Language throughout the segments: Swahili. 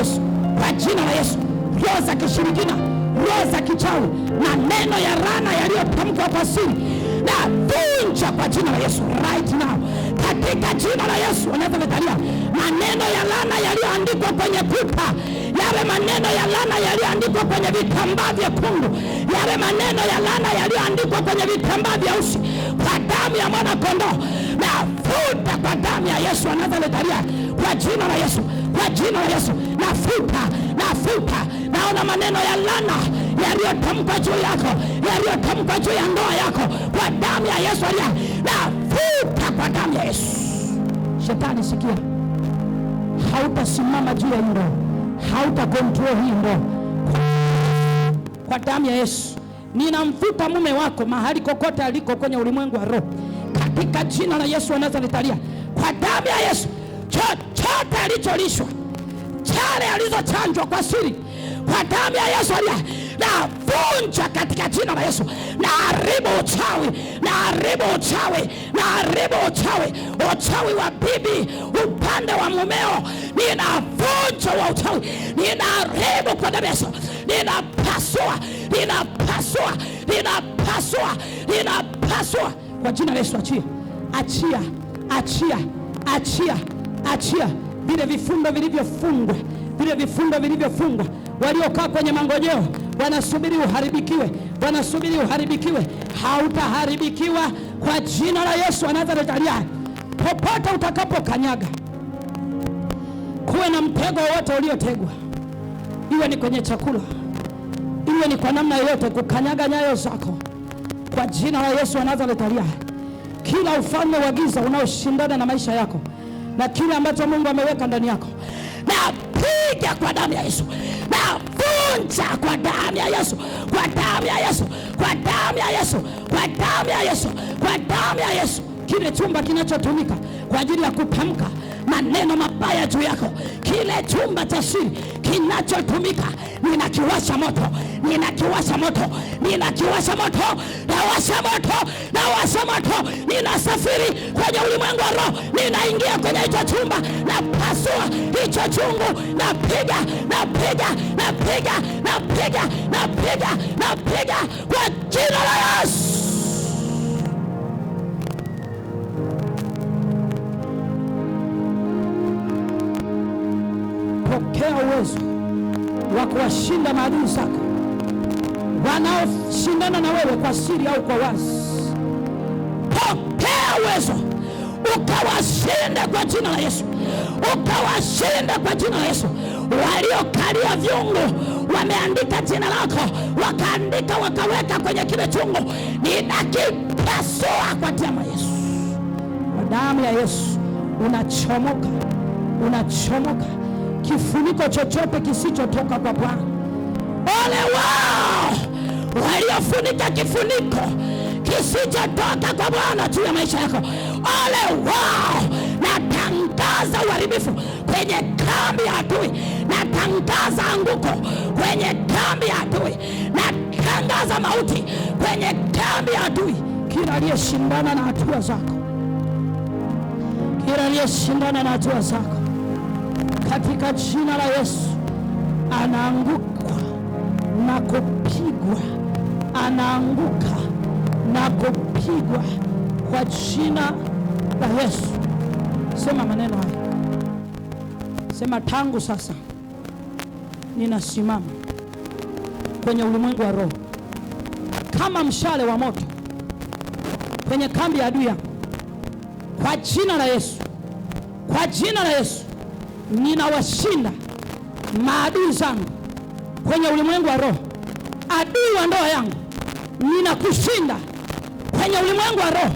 Yesu, kwa jina la Yesu, roho za kishirikina, roho za kichawi na neno ya laana yaliyotamkwa kwa siri vunja kwa jina la Yesu right now, katika jina la Yesu. Wanavyotalia maneno ya lana yaliyoandikwa kwenye pipa, yale maneno ya lana yaliyoandikwa kwenye vitambaa vyekundu, yale maneno ya lana yaliyoandikwa kwenye vitambaa vyeusi, kwa damu ya mwana kondoo na futa kwa damu ya Yesu. Wanavyotalia kwa jina la Yesu kwa jina la Yesu nafuta, nafuta. Naona maneno ya lana yaliyotamka juu yako, yaliyotamka juu ya ndoa yako, kwa damu ya Yesu alia, nafuta kwa damu ya Yesu. Shetani sikia, hautasimama juu ya ndoa, hautakontrol hii ndoa kwa damu ya Yesu. Ninamfuta mume wako mahali kokote aliko kwenye ulimwengu wa roho, katika jina la Yesu wa Nazareti alia, kwa damu ya Yesu chote chochote alicholishwa, chale alizochanjwa kwa siri kwa damu ya Yesu aliye navunja katika jina la Yesu. na haribu uchawi, haribu uchawi, na haribu uchawi, uchawi wa bibi upande wa mumeo, ninavunja wa uchawi, ninaharibu kwa damu ya Yesu, ninapasua, ninapasua, ninapasua, ninapasua kwa jina la Yesu. Achia, achia, achia, achia, achia vile vifundo vilivyofungwa, vile vifundo vilivyofungwa. Waliokaa kwenye mangojeo wanasubiri uharibikiwe, wanasubiri uharibikiwe. Hautaharibikiwa kwa jina la Yesu wa Nazareti aliye hai. Popote utakapokanyaga kuwe na mtego wote uliotegwa, iwe ni kwenye chakula, iwe ni kwa namna yoyote, kukanyaga nyayo zako kwa jina la Yesu wa Nazareti aliye hai. Kila ufalme wa giza unaoshindana na maisha yako na kile ambacho Mungu ameweka ndani yako, napiga kwa damu ya Yesu, navunja kwa damu ya Yesu, kwa damu ya Yesu, kwa damu ya Yesu, kwa damu ya Yesu, kwa damu ya Yesu, kile chumba kinachotumika kwa ajili ya kupamka maneno mabaya juu yako. Kile chumba cha siri kinachotumika, ninakiwasha moto, ninakiwasha moto, ninakiwasha moto, nawasha moto, nawasha moto. Ninasafiri kwenye ulimwengu wa roho, ninaingia kwenye hicho chumba, napasua hicho chungu, napiga, napiga, napiga, napiga, napiga, napiga kwa jina la Yesu. uwezo wa kuwashinda maadui zako wanaoshindana na wewe kwa siri au kwa wazi. Pokea uwezo ukawashinda kwa jina la Yesu, ukawashinda kwa jina la Yesu. Waliokalia vyungu wameandika jina lako, wakaandika wakaweka kwenye kile chungu, ninakipasua kwa damu ya Yesu. Kwa damu ya Yesu unachomoka, unachomoka kifuniko chochote kisichotoka kwa Bwana. Ole wao waliofunika kifuniko kisichotoka kwa Bwana juu ya maisha yako. Ole wao! Natangaza uharibifu kwenye kambi ya adui, natangaza anguko kwenye kambi ya adui, natangaza mauti kwenye kambi ya adui. Kila aliyeshindana na hatua zako, kila aliyeshindana na hatua zako katika jina la Yesu, anaanguka na kupigwa, anaanguka na kupigwa kwa jina la Yesu. Sema maneno haya, sema tangu sasa ninasimama kwenye ulimwengu wa roho kama mshale wa moto kwenye kambi ya adui yangu, kwa jina la Yesu, kwa jina la Yesu ninawashinda maadui zangu kwenye ulimwengu wa roho. Adui wa ndoa yangu ninakushinda kwenye ulimwengu wa roho,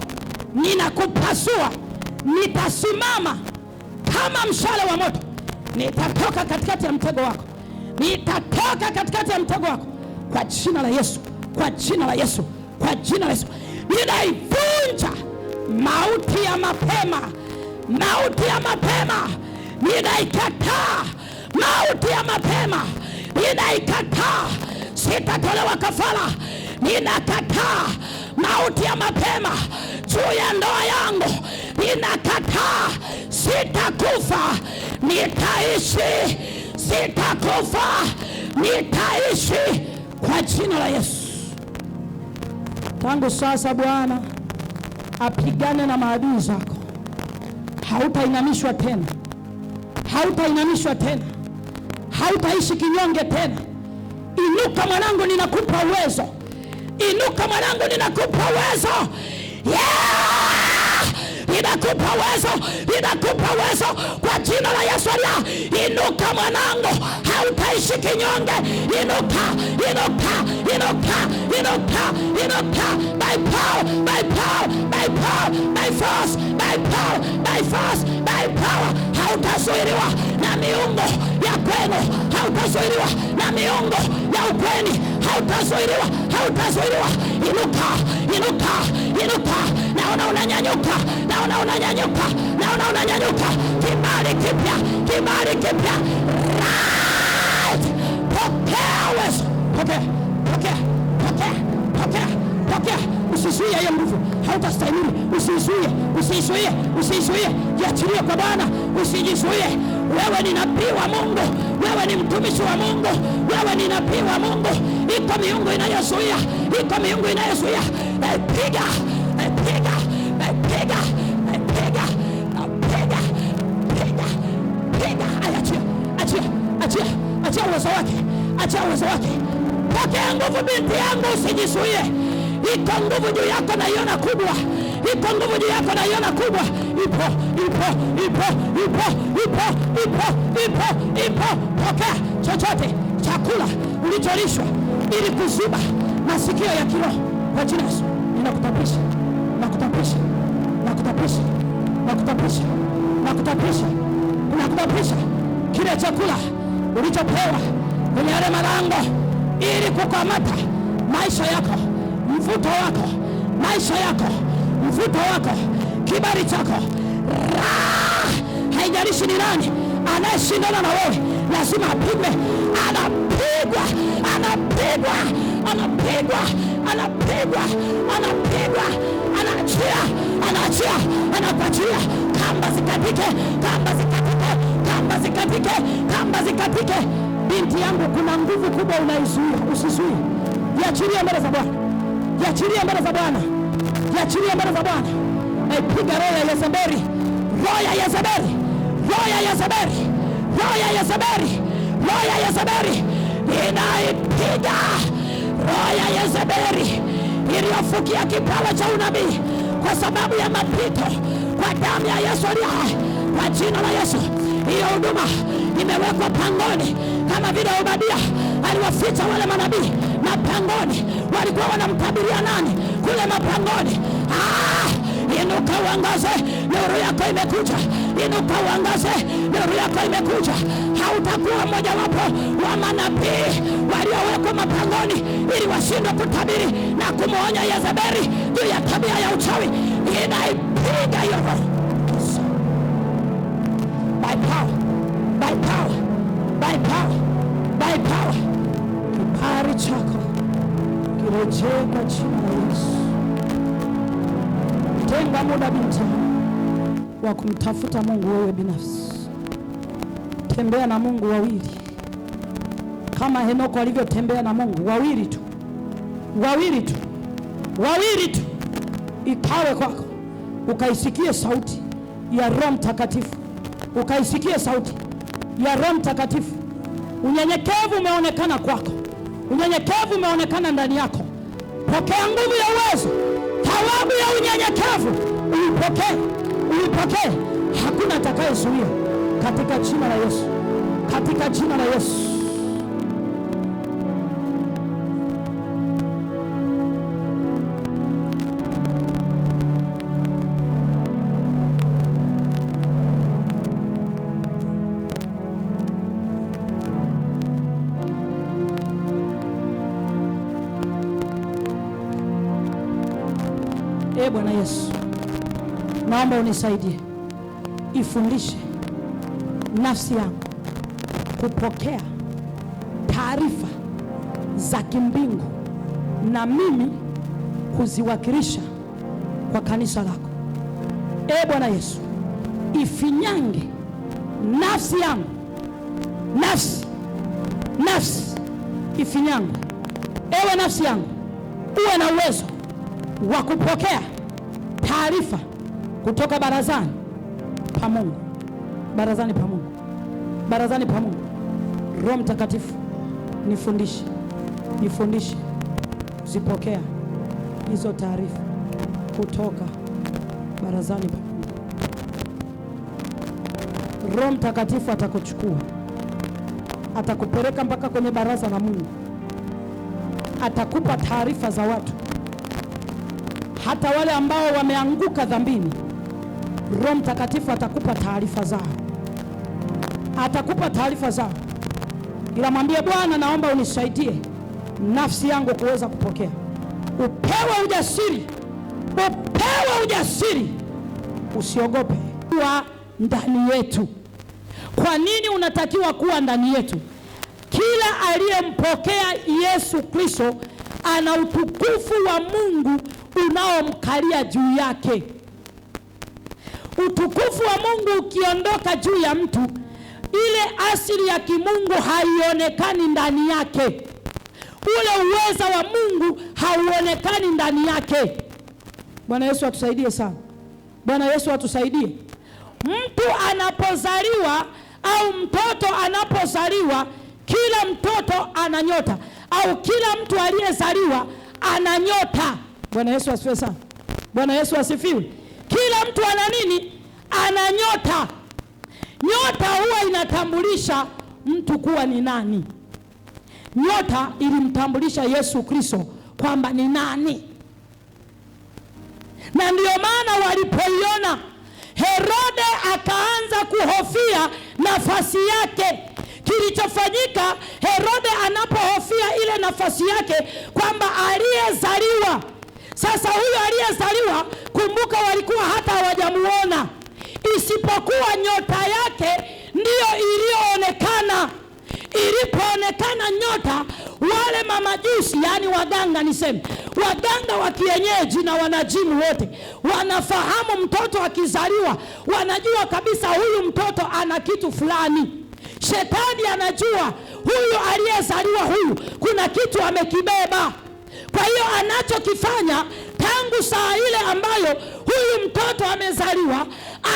ninakupasua. Nitasimama kama mshale wa moto, nitatoka katikati ya mtego wako, nitatoka katikati ya mtego wako kwa jina la Yesu, kwa jina la Yesu, kwa jina la Yesu. Ninaivunja mauti ya mapema, mauti ya mapema ninaikataa mauti ya mapema, ninaikataa. Sitatolewa kafara, ninakataa mauti ya mapema juu ya ndoa yangu, ninakataa. Sitakufa, nitaishi. Sitakufa, nitaishi kwa jina la Yesu. Tangu sasa Bwana apigane na maadui zako, hautainamishwa tena hautainamishwa tena, hautaishi kinyonge tena. Inuka mwanangu, ninakupa uwezo. Inuka mwanangu, ninakupa uwezo yeah! Ninakupa uwezo, ninakupa uwezo kwa jina la Yesu ala. Inuka mwanangu, hautaishi kinyonge. Inuka, inuka you know, power, you know, power, you know, power, by power, by power, by power, by force, by power, by force, by power. Hautazuiliwa na miungo ya kwenu, hautazuiliwa na miungo ya ukweni, hautazuiliwa, hautazuiliwa. Inuka, inuka, inuka, naona unanyanyuka, naona unanyanyuka, naona unanyanyuka, kibali kipya, kibali kipya, right, pokea uwezo, pokea Pokea, pokea, pokea, pokea. Usizuie hiyo nguvu, hautastahimili. Usizuie, usizuie, usizuie, jiachilie kwa Bwana, usijizuie. Wewe ni nabii wa Mungu, wewe ni mtumishi wa Mungu, wewe ni nabii wa Mungu. Iko miungu inayozuia, iko miungu inayozuia. Piga, piga, piga, uwezo wake, achia uwezo wake Pokea nguvu binti yangu, usijizuie. Iko nguvu juu yako, naiona kubwa. Iko nguvu juu yako, naiona kubwa. Ipo, ipo, ipo, ipo, ipo, ipo, ipo, ipo. Pokea chochote chakula ulicholishwa ili kuziba masikio ya kiroho kwa jina Yesu. Ninakutapisha, nakutapisha, nakutapisha, nakutapisha, nakutapisha, nakutapisha kile chakula ulichopewa kwenye yale malango ili kukamata maisha yako, mvuto wako, maisha yako, mvuto wako, kibali chako. Haijalishi ni nani anayeshindana na wewe, lazima apigwe. Anapigwa, anapigwa, anapigwa, anapigwa, anapigwa, anaachia, anaachia, anapachilia. Kamba zikatike, kamba zikatike, kamba zikatike, kamba zikatike. Binti yangu, kuna nguvu kubwa unaizuia, usizuie. Jiachilie mbele za Bwana, jiachilie mbele za Bwana, jiachilie mbele za Bwana. Naipiga roho ya Yezebeli, roho ya Yezebeli, roho ya Yezebeli, roho ya Yezebeli, roho ya Yezebeli, ninaipiga roho ya Yezebeli iliyofukia kipala cha unabii kwa sababu ya mapito kwa damu ya Yesu aliye hai kwa jina la Yesu. Hiyo huduma imewekwa pangoni, kama vile Obadia aliwaficha wale manabii mapangoni. Walikuwa wanamtabiria nani kule mapangoni? Ah, inuka uangaze, nuru yako imekuja. Inuka uangaze, nuru yako imekuja. Hautakuwa mmojawapo wa manabii waliowekwa mapangoni ili washindwe kutabiri na kumwonya Yezebeli juu ya tabia ya uchawi. Inaipiga hiyo roho power, by power, by power. Kipari chako kirejee kwa jina la Yesu. Tenga muda binti wa kumtafuta Mungu wewe binafsi, tembea na Mungu wawili kama Henoko alivyotembea na Mungu wawili tu, wawili tu, wawili tu. Ikawe kwako, ukaisikie sauti ya Roho Mtakatifu, ukaisikie sauti ya Roho Mtakatifu. Unyenyekevu umeonekana kwako, unyenyekevu umeonekana ndani yako. Pokea nguvu ya uwezo, thawabu ya unyenyekevu uipokee, uipokee. Hakuna atakayezuia katika jina la Yesu, katika jina la Yesu. Bwana Yesu, naomba unisaidie, ifundishe nafsi yangu kupokea taarifa za kimbingu na mimi kuziwakilisha kwa kanisa lako. E Bwana Yesu, ifinyange nafsi yangu, nafsi nafsi ifinyange. Ewe nafsi yangu, uwe na uwezo wa kupokea taarifa kutoka barazani pa Mungu, barazani pa Mungu, barazani pa Mungu. Roho Mtakatifu, nifundishe, nifundishe kuzipokea hizo taarifa kutoka barazani pa Mungu. Roho Mtakatifu atakuchukua, atakupeleka mpaka kwenye baraza la Mungu, atakupa taarifa za watu hata wale ambao wameanguka dhambini, Roho Mtakatifu atakupa taarifa zao, atakupa taarifa zao, ila mwambie Bwana, naomba unisaidie nafsi yangu kuweza kupokea. Upewe ujasiri, upewe ujasiri, usiogope kuwa ndani yetu. Kwa nini unatakiwa kuwa ndani yetu? Kila aliyempokea Yesu Kristo ana utukufu wa Mungu unaomkalia juu yake. Utukufu wa Mungu ukiondoka juu ya mtu, ile asili ya kimungu haionekani ndani yake, ule uweza wa Mungu hauonekani ndani yake. Bwana Yesu atusaidie sana. Bwana Yesu atusaidie. Mtu anapozaliwa au mtoto anapozaliwa, kila mtoto ana nyota au kila mtu aliyezaliwa ana nyota. Bwana Yesu asifiwe sana. Bwana Yesu asifiwe. Kila mtu ana nini? Ana nyota. Nyota huwa inatambulisha mtu kuwa ni nani. Nyota ilimtambulisha Yesu Kristo kwamba ni nani, na ndiyo maana walipoiona Herode akaanza kuhofia nafasi yake. Kilichofanyika Herode anapohofia ile nafasi yake kwamba aliyezaliwa sasa huyo aliyezaliwa, kumbuka, walikuwa hata hawajamuona, isipokuwa nyota yake ndiyo iliyoonekana. Ilipoonekana nyota, wale mamajusi, yaani waganga, niseme waganga wa kienyeji na wanajimu wote wanafahamu, mtoto akizaliwa wanajua kabisa huyu mtoto ana kitu fulani. Shetani anajua huyu aliyezaliwa huyu kuna kitu amekibeba. Kwa hiyo anachokifanya tangu saa ile ambayo huyu mtoto amezaliwa,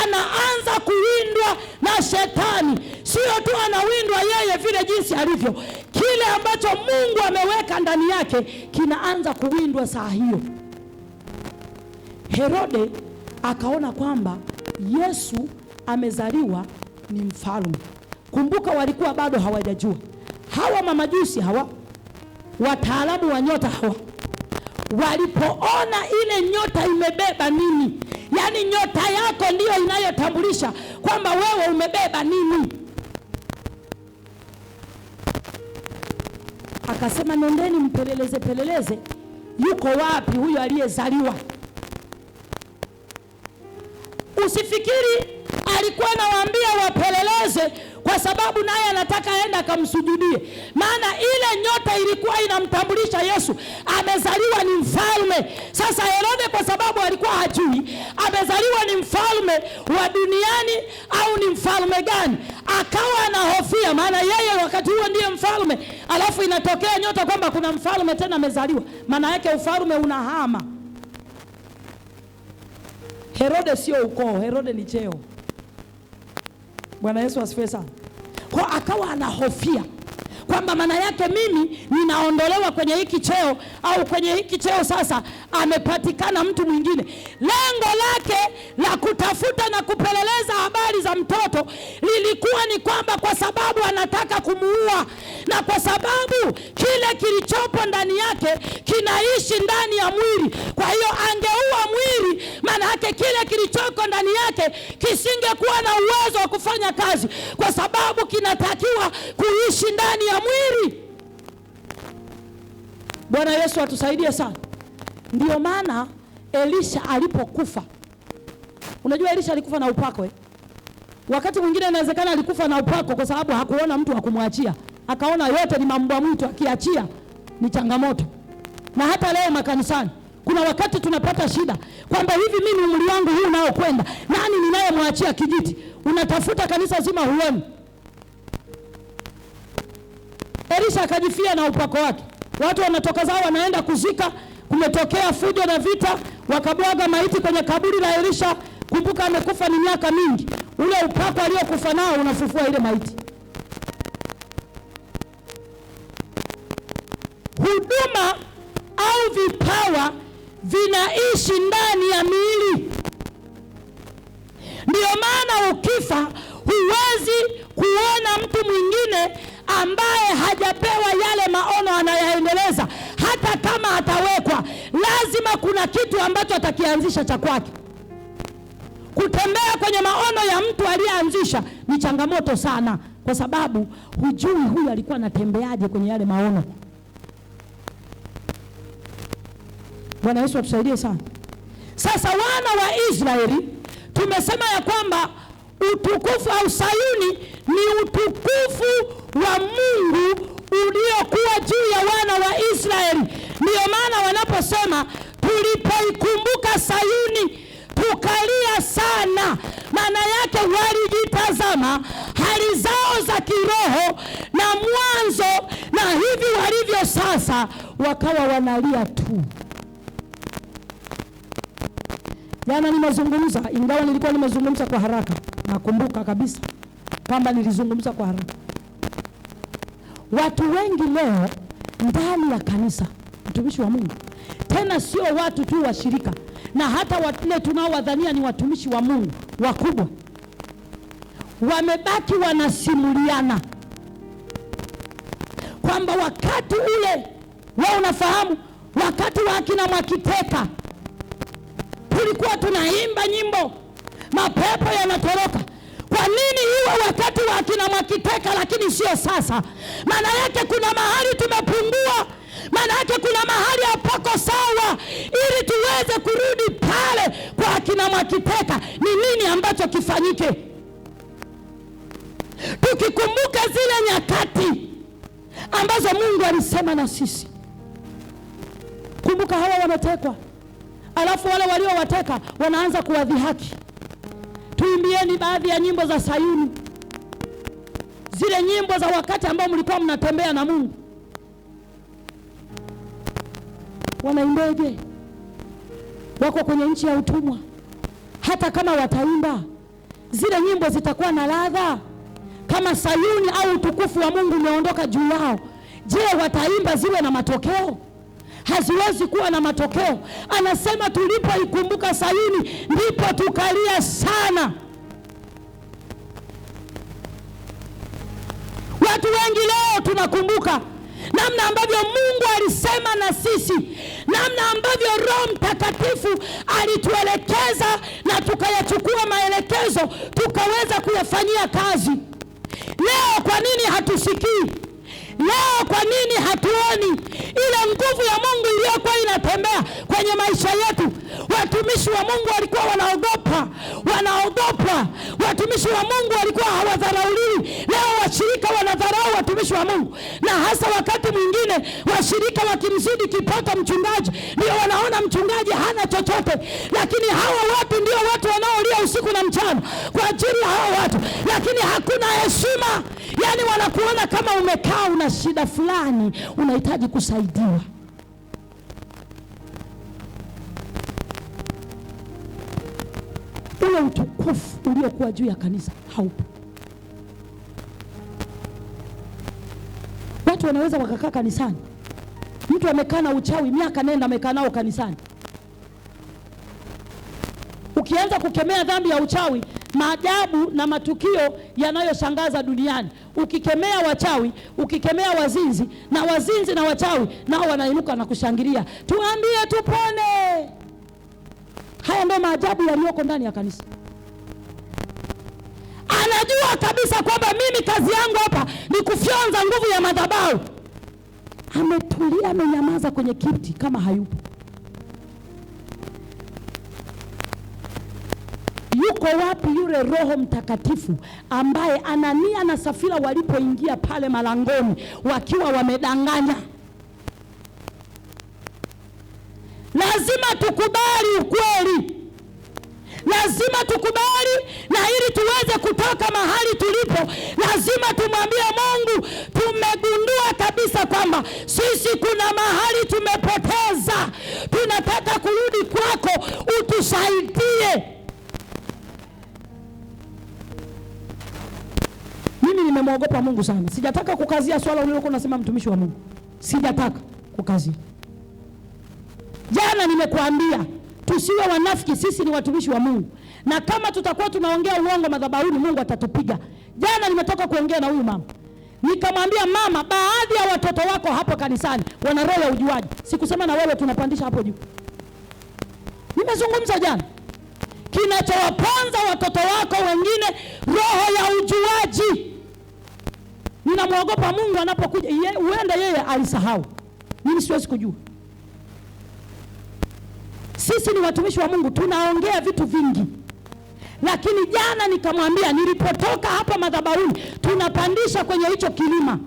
anaanza kuwindwa na shetani. Sio tu anawindwa yeye vile jinsi alivyo, kile ambacho Mungu ameweka ndani yake kinaanza kuwindwa saa hiyo. Herode akaona kwamba Yesu amezaliwa ni mfalme. Kumbuka walikuwa bado hawajajua hawa mamajusi hawa wataalamu wa nyota hawa walipoona ile nyota imebeba nini, yaani nyota yako ndiyo inayotambulisha kwamba wewe umebeba nini. Akasema, nendeni mpeleleze peleleze, yuko wapi huyo aliyezaliwa. Usifikiri alikuwa anawaambia wapeleleze kwa sababu naye anataka aende akamsujudie. Maana ile nyota ilikuwa inamtambulisha Yesu amezaliwa ni mfalme. Sasa Herode, kwa sababu alikuwa hajui amezaliwa ni mfalme wa duniani au ni mfalme gani, akawa anahofia, maana yeye wakati huo ndiye mfalme, alafu inatokea nyota kwamba kuna mfalme tena amezaliwa, maana yake ufalme unahama. Herode sio ukoo, Herode ni cheo. Bwana Yesu asifiwe sana. Kwa akawa anahofia kwamba maana yake mimi ninaondolewa kwenye hiki cheo au kwenye hiki cheo sasa amepatikana mtu mwingine. Lengo lake la kutafuta na kupeleleza habari za mtoto lilikuwa ni kwamba kwa sababu anataka kumuua na kwa sababu kile kilichopo ndani yake kinaishi ndani ya mwili, kwa hiyo angeua mwili, maana yake kile kilichoko ndani yake kisingekuwa na uwezo wa kufanya kazi, kwa sababu kinatakiwa kuishi ndani ya mwili. Bwana Yesu atusaidie sana. Ndiyo maana Elisha alipokufa, unajua Elisha alikufa na upako eh? Wakati mwingine inawezekana alikufa na upako kwa sababu hakuona mtu wa kumwachia, akaona yote ni mambwa mwitu, akiachia ni changamoto. Na hata leo makanisani kuna wakati tunapata shida kwamba hivi mimi umri wangu huu unaokwenda, nani ninayemwachia kijiti? Unatafuta kanisa zima huoni. Elisha akajifia na upako wake, watu wanatoka zao wanaenda kuzika, kumetokea fujo na vita, wakabwaga maiti kwenye kaburi la Elisha. Kumbuka amekufa ni miaka mingi, ule upako aliokufa nao unafufua ile maiti. Huduma au vipawa vinaishi ndani ya miili. Ndiyo maana ukifa huwezi kuona mtu mwingine ambaye hajapewa yale maono anayaendeleza, hata kama atawekwa, lazima kuna kitu ambacho atakianzisha cha kwake. Kutembea kwenye maono ya mtu aliyeanzisha ni changamoto sana, kwa sababu hujui huyu alikuwa anatembeaje kwenye yale maono. Bwana Yesu atusaidie sana. Sasa wana wa Israeli tumesema ya kwamba utukufu au Sayuni ni utukufu wa Mungu uliokuwa juu ya wana wa Israeli. Ndiyo maana wanaposema tulipoikumbuka Sayuni tukalia sana, maana yake walijitazama hali zao za kiroho na mwanzo na hivi walivyo sasa, wakawa wanalia tu. Jana nimezungumza, ingawa nilikuwa nimezungumza kwa haraka nakumbuka kabisa kwamba nilizungumza kwa haraka. Watu wengi leo ndani ya kanisa, mtumishi wa Mungu, tena sio watu tu wa shirika, na hata wale tunaowadhania ni watumishi wa Mungu wakubwa, wamebaki wanasimuliana kwamba wakati ule wao, unafahamu wakati wa akina Mwakiteka tulikuwa tunaimba nyimbo mapepo yanatoroka. Kwa nini iwe wakati wa akina Mwakiteka lakini sio sasa? Maana yake kuna mahali tumepungua, maana yake kuna mahali hapako sawa, ili tuweze kurudi pale kwa akina Mwakiteka. Ni nini ambacho kifanyike? Tukikumbuka zile nyakati ambazo Mungu alisema na sisi. Kumbuka hawa wametekwa, alafu wale waliowateka wanaanza kuwadhihaki Tuimbieni baadhi ya nyimbo za Sayuni, zile nyimbo za wakati ambao mlikuwa mnatembea na Mungu. Wanaimbeje? Wako kwenye nchi ya utumwa. Hata kama wataimba zile nyimbo, zitakuwa na ladha kama Sayuni au utukufu wa Mungu umeondoka juu yao? Je, wataimba ziwe na matokeo? haziwezi kuwa na matokeo. Anasema tulipoikumbuka Sayuni ndipo tukalia sana. Watu wengi leo tunakumbuka namna ambavyo Mungu alisema na sisi, namna ambavyo Roho Mtakatifu alituelekeza na tukayachukua maelekezo tukaweza kuyafanyia kazi. Leo kwa nini hatusikii? Leo kwa nini hatuoni ile nguvu ya Mungu iliyokuwa inatembea kwenye maisha yetu? Watumishi wa Mungu walikuwa wanaogopa, wanaogopa. Watumishi wa Mungu walikuwa hawadharauliwi. Leo washirika wanadharau watumishi wa Mungu, na hasa wakati mwingine washirika wakimzidi kipato mchungaji, ndio wanaona mchungaji hana chochote, lakini hawa watu ndio watu wanaolia usiku na mchana kwa ajili ya hawa watu, lakini hakuna heshima. Yani wanakuona kama umekaa una shida fulani, unahitaji kusaidiwa. Ule utukufu uliokuwa juu ya kanisa haupo. Watu wanaweza wakakaa kanisani, mtu amekaa na uchawi miaka nenda, amekaa nao kanisani. Ukianza kukemea dhambi ya uchawi maajabu na matukio yanayoshangaza duniani. Ukikemea wachawi, ukikemea wazinzi, na wazinzi na wachawi nao wanainuka na kushangilia, tuambie tupone. Haya ndio maajabu yaliyoko ndani ya kanisa. Anajua kabisa kwamba mimi kazi yangu hapa ni kufyonza nguvu ya madhabahu. Ametulia, amenyamaza kwenye kiti kama hayupo. yuko wapi yule Roho Mtakatifu ambaye Anania na Safira walipoingia pale malangoni wakiwa wamedanganya? Lazima tukubali ukweli, lazima tukubali, na ili tuweze kutoka mahali tulipo, lazima tumwambie Mungu tumegundua kabisa kwamba sisi kuna mahali tumepoteza, tunataka kurudi kwako, utusaidie. mimi nimemwogopa Mungu sana. Sijataka kukazia swala uliokuwa unasema mtumishi wa Mungu, sijataka kukazia. Jana nimekuambia tusiwe wanafiki, sisi ni watumishi wa Mungu, na kama tutakuwa tunaongea uongo madhabahuni, Mungu atatupiga. Jana nimetoka kuongea na huyu mama nikamwambia mama, baadhi ya watoto wako hapo kanisani wana roho ya ujuaji. Sikusema na wewe tunapandisha hapo juu, nimezungumza jana. Kinachowaponza watoto wako wengine roho ya ujuaji. Ninamwogopa Mungu anapokuja, huenda ye, yeye alisahau. Mimi siwezi kujua. Sisi ni watumishi wa Mungu, tunaongea vitu vingi, lakini jana nikamwambia, nilipotoka hapa madhabahuni, tunapandisha kwenye hicho kilima,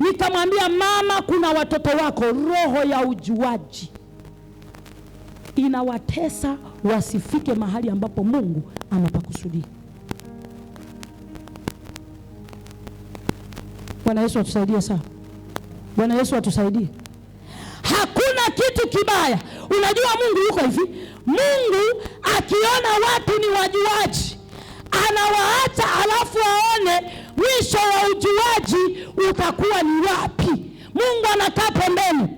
nikamwambia mama, kuna watoto wako roho ya ujuaji inawatesa wasifike mahali ambapo Mungu amepakusudia. Bwana Yesu atusaidie sana. Bwana Yesu atusaidie. Hakuna kitu kibaya. Unajua Mungu yuko hivi, Mungu akiona watu ni wajuaji anawaacha, alafu aone mwisho wa ujuaji utakuwa ni wapi. Mungu anakaa pembeni.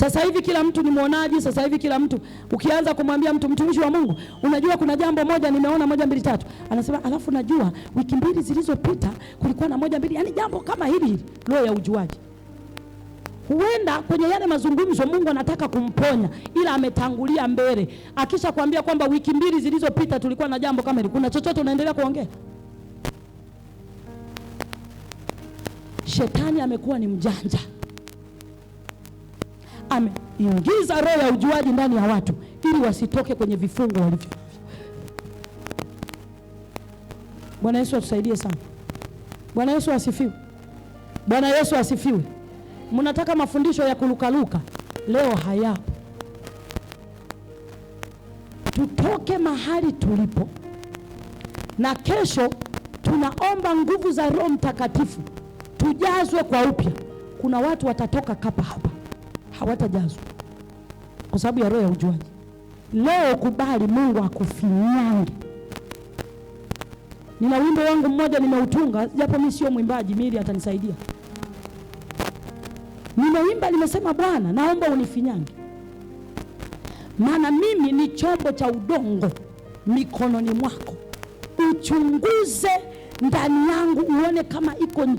Sasa hivi kila mtu ni mwonaji, sasa hivi kila mtu ukianza kumwambia mtu mtumishi wa Mungu, unajua kuna jambo moja nimeona moja mbili tatu, anasema alafu najua wiki mbili zilizopita kulikuwa na moja mbili, yaani jambo kama hili. Roho ya ujuaji, huenda kwenye yale mazungumzo Mungu anataka kumponya, ila ametangulia mbele. Akisha kuambia kwamba wiki mbili zilizopita tulikuwa na jambo kama hili, kuna chochote unaendelea kuongea? Shetani amekuwa ni mjanja ameingiza roho ya ujuaji ndani ya watu ili wasitoke kwenye vifungo walivyo. Bwana Yesu atusaidie sana. Bwana Yesu asifiwe. Bwana Yesu asifiwe. Mnataka mafundisho ya kulukaluka leo? Hayapo. Tutoke mahali tulipo, na kesho tunaomba nguvu za Roho Mtakatifu tujazwe kwa upya. Kuna watu watatoka kapa hapa hawatajazwa kwa sababu ya roho ya ujuaji. Leo kubali Mungu akufinyange. Nina wimbo wangu mmoja nimeutunga, japo mimi sio mwimbaji, mili atanisaidia. Nimeimba, nimesema Bwana, naomba unifinyange, maana mimi ni chombo cha udongo mikononi mwako, uchunguze ndani yangu uone kama iko njia